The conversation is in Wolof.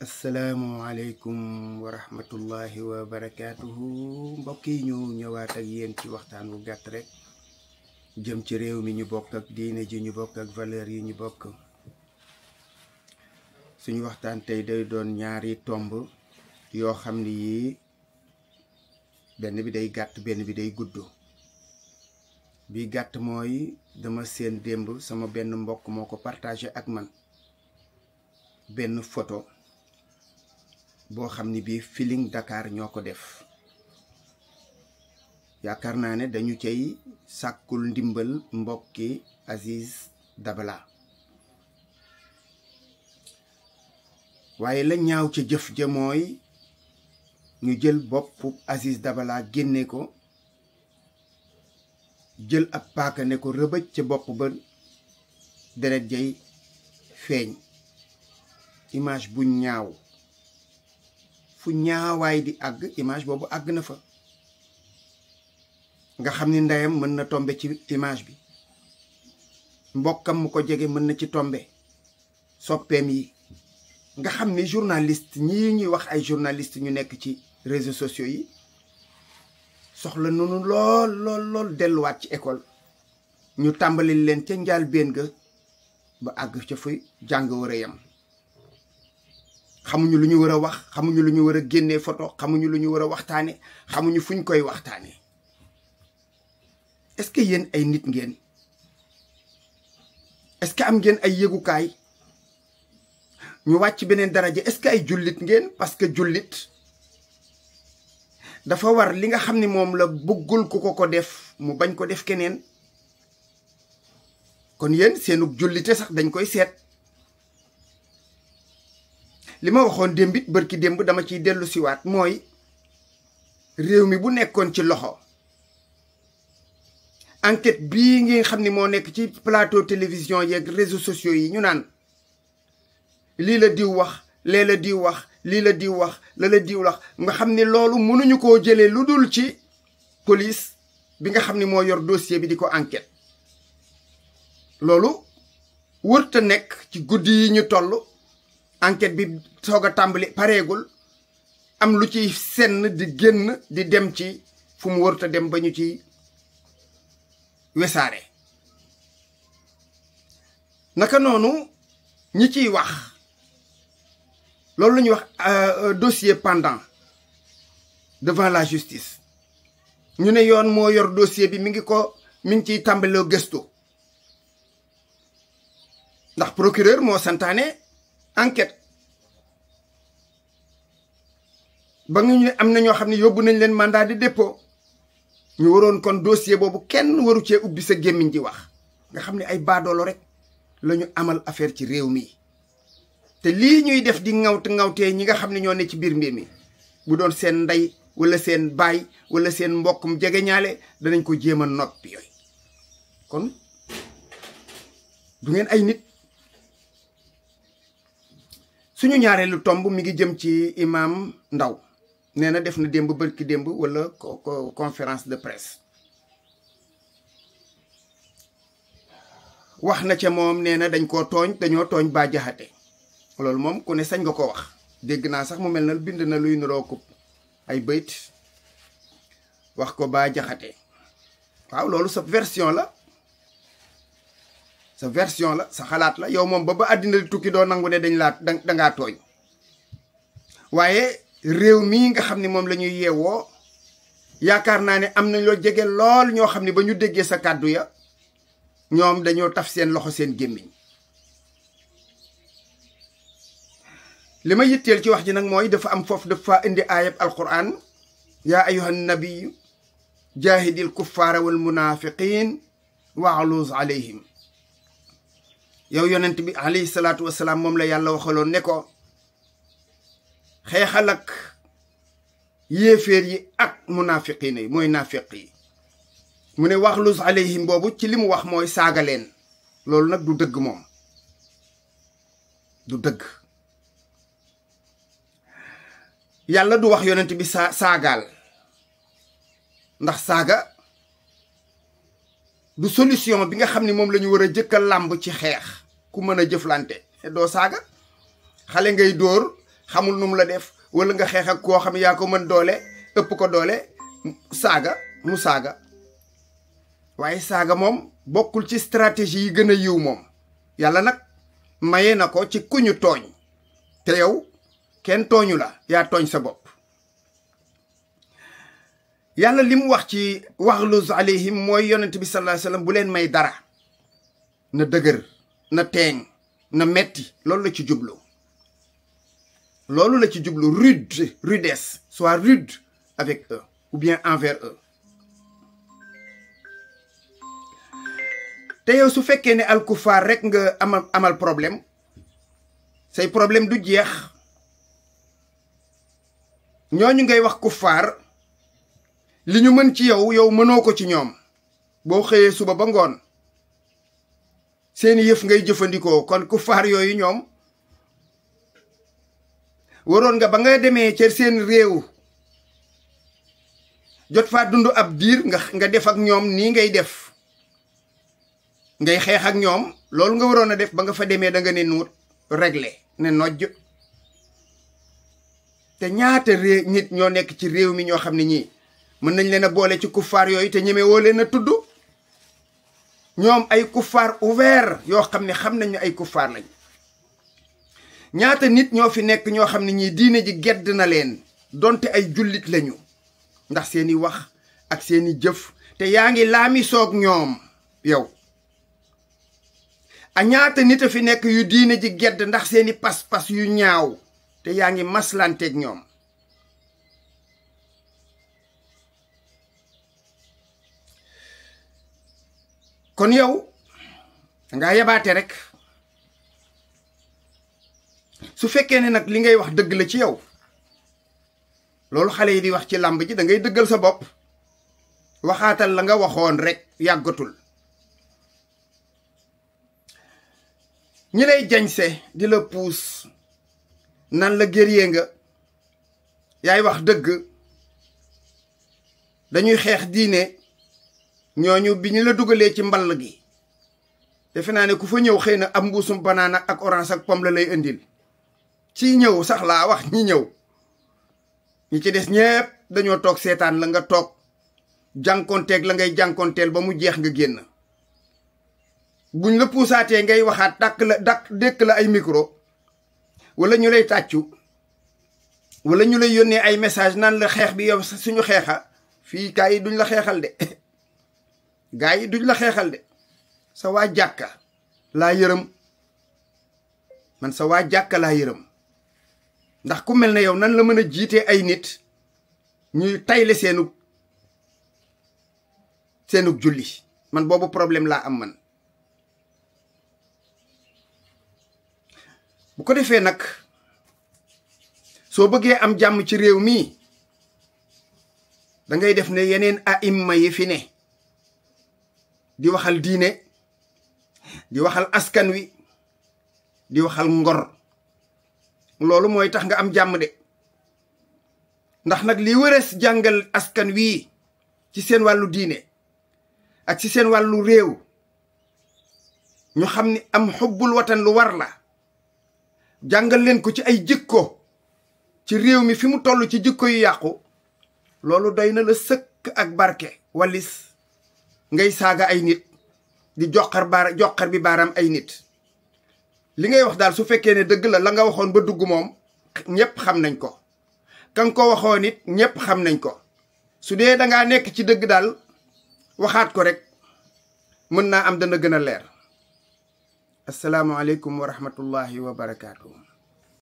asalaamualeykum wa rahmatullahi wa barakaatuhu mbokk yi ñu ñëwaat ak yéen ci waxtaan wu gàtt rek jëm ci réew mi ñu bokk ak diine ji ñu bokk ak valeur yi ñu bokk suñu waxtaan tey day doon ñaari tomb yoo xam ni yii benn bi day gàtt benn bi day gudd bi gàtt mooy dama seen démb sama benn mbokk moo ko partagé ak man benn photo boo xam ni bii Feeling Dakar ñoo ko def yaakaar naa ne dañu cay sàkkul ndimbal mbokki Aziz Dabala waaye la ñaaw ca jëf ja mooy ñu jël boppu Aziz Dabala génne ko jël ab paaka ne ko rëbëj ca bopp ba deret jay feeñ image bu ñaaw fu ñaawaay di àgg image boobu àgg na fa nga xam ni ndeyam mën na tombe ci image bi mbokkam mu ko jege mën na ci tombe soppeem yi nga xam ni journaliste ñii ñuy wax ay journaliste ñu nekk ci réseaux sociaux yi soxla nunu lool lool lool delluwaat ci école ñu tàmbali leen ca njaal benn ga ba àgg ca fu jàng war xamuñu lu ñu war a wax xamuñu lu ñu war a génnee photo xamuñu lu ñu war a waxtaane xamuñu fu fuñ koy waxtaane est-ce que yéen ay nit ngeen est-ce que am ngeen ay yëgukaay ñu wàcc beneen daraja est-ce que ay jullit ngeen parce que jullit dafa war li nga xam ni moom la bëggul ku ko ko def mu bañ ko def keneen kon yéen seenug jullite sax dañ koy seet li ma waxoon démb it bërki démb dama ciy dellu siwaat mooy réew mi bu nekkoon ci loxo enquête bii ngi xam ni moo nekk ci plateau télévision yeeg réseau sociaux yi ñu naan lii la diw wax lee la diw wax lii la diw wax la la diw wax nga xam ni loolu mënuñu koo jëlee lu dul ci polis bi nga xam ni moo yor dossier bi di ko enquête loolu wërta nekk ci guddi yi ñu toll enquête bi soog a tàmbali pareegul am lu ci senn di génn di dem ci fu mu warut dem ba ñu ci wesaare naka noonu ñi ciy wax loolu la ñuy wax euh, dossier pendant devant la justice ñu ne yoon moo yor dossier bi mi ngi ko mi ngi ciy tàmbaloo gëstu ndax procureur moo santaane enquête ba nga ñu am na ñoo xam ne yóbbu nañ leen mandat de dépôt ñu waroon kon dossier boobu kenn waru cee ubbi sa gémmiñ di wax nga xam ne ay baadoolo rek la ñu amal affaire ci réew mi te lii ñuy def di ŋawt ŋawtee ñi nga xam ne ñoo ne ci biir mbir mi bu doon seen ndey wala seen baay wala seen mbokkum jegeñaale danañ ko jéem a noppi yooyu kon du ngeen ay nit suñu ñaareelu tomb mi ngi jëm ci imam Ndaw nee na def na démb bërki démb wala conférence de presse wax na ce moom nee na dañ koo tooñ dañoo tooñ Bah Diakhaté loolu moom ku ne sañ nga ko wax dégg naa sax mu mel na bind na luy niroo ko ay bayt wax ko Bah Diakhaté waaw loolu sa version la sa version la sa xalaat la yow moom ba ba àddina di tukki doo nangu ne dañ laa da ngaa tooñ waaye réew mii nga xam ni moom lañuy yeewoo yaakaar naa ne am na loo jege lool ñoo xam ne ba ñu déggee sa kàddu ya ñoom dañoo taf seen loxo seen gémmiñ li may yitteel ci wax ji nag mooy dafa am foofu dafa indi aayab alquran yaa ayuha nabiyu jaahidil kuffaara wal munaafiqin waxluz alayhim yow yonent bi alayhi salaatu wasalaam moom la yàlla waxaloon ne ko xeexal ak yéeféer yi ak munaafiqiin yi mooy naafiq yi mu ne wax lus alayhim boobu ci li mu wax mooy saagaleen loolu nag du dëgg moom du dëgg yàlla du wax yonent bi saa saagaal ndax saaga du solution bi nga xam ne moom lañu war a jëkk a làmb ci xeex ku mën a jëflante doo saaga xale ngay dóor xamul nu mu la def wala nga xeex ak koo xam yaa ko mën doole ëpp ko doole saaga mu saaga waaye saaga moom bokkul ci stratégie yi gën a yiw moom yàlla nag maye na ko ci ku ñu tooñ te yow kenn tooñu la yaa tooñ sa bopp yàlla li mu wax ci waxluz alayhim mooy yonent bi sallallahu alayhi wasallam bu leen may dara na dëgër na na metti loolu la ci jublu loolu la ci jublu rude rudesse soit avec e, bien envers eux te yow su fekkee ne alkufaar rek nga amal amal problème say problème du jeex ñooñu ngay wax kufaar li ñu mën ci yow yow mënoo ko ci ñoom boo xëyee suba ba ngoon seeni yëf ngay jëfandikoo kon ku yooyu ñoom waroon nga ba nga demee ca seen réew jot faa dund ab diir nga nga def ak ñoom nii ngay def ngay xeex ak ñoom loolu nga waroon a def ba nga fa demee da nga ne nuut regle ne nojj te ñaata réew nit ñoo nekk ci réew mi ñoo xam ne ñii mën nañ leen a boole ci kuffaar yooyu te ñemewoo leen a tudd ñoom ay kuffaar ouvert yoo xam ne xam nañu ay kuffaar lañ ñaata nit ñoo fi nekk ñoo xam ne ñii diine ji gedd na leen donte ay jullit lañu ndax seeni wax ak seeni jëf te yaa ngi laami soog ñoom yow a ñaata nit a fi nekk yu diine ji gedd ndax seeni pas-pas yu ñaaw te yaa ngi maslanteeg ñoom kon yow danga yabaate rek su fekkee ne nag li ngay wax dëgg la ci yow loolu xale yi di wax ci làmb ji dangay dëggal sa bopp waxaatal la nga waxoon rekk yàggatul ñi lay jañse di la puus nan la guerrier nga yaay wax dëgg dañuy xeex diine ñooñu bi ñu la dugalee ci mball gi defe naa ne ku fa ñëw xëy na ab mbuusum banaana ak orange ak pomme la lay indil ci ñëw sax laa wax ñi ñëw ñi ci des ñépp dañoo toog seetaan la nga toog jànkoonteeg la ngay jànkoonteel ba mu jeex nga génn buñ la puusaatee ngay waxaat dàkk la dàkk dékk la ay micro wala ñu lay tàccu wala ñu lay yónnee ay message naan la xeex bi yow suñu xeexa fii kaay yi duñ la xeexal de gaa yi duñ la xeexal de sa waa jàkka laa yërëm man sa waa jàkka laa yërëm ndax ku mel ne yow nan la mën a jiitee ay nit ñuy tayle seenug seenug julli man boobu problème laa am man bu ko defee nag soo bëggee am jàmm ci réew mi dangay def ne yeneen aimma yi fi ne di waxal diine di waxal askan wi di waxal ngor loolu mooy tax nga am jàmm de ndax nag li wërees jàngal askan wi ci seen wàllu diine ak ci seen wàllu réew ñu xam ni am xubbul watan lu war la jàngal leen ko ci ay jikko ci réew mi fi mu toll ci jikko yu yàqu loolu doy na la sëkk ak barke wallis ngay saaga ay nit di joxar baara joxar bi baaraam ay nit li ngay wax daal su fekkee ne dëgg la la nga waxoon ba dugg moom ñëpp xam nañ ko ka nga ko waxoon it ñëpp xam nañ ko su dee dangaa nekk ci dëgg daal waxaat ko rek mën naa am dana gën a leer asalaamaaleykum wa rahmatullahi wa barakaatu.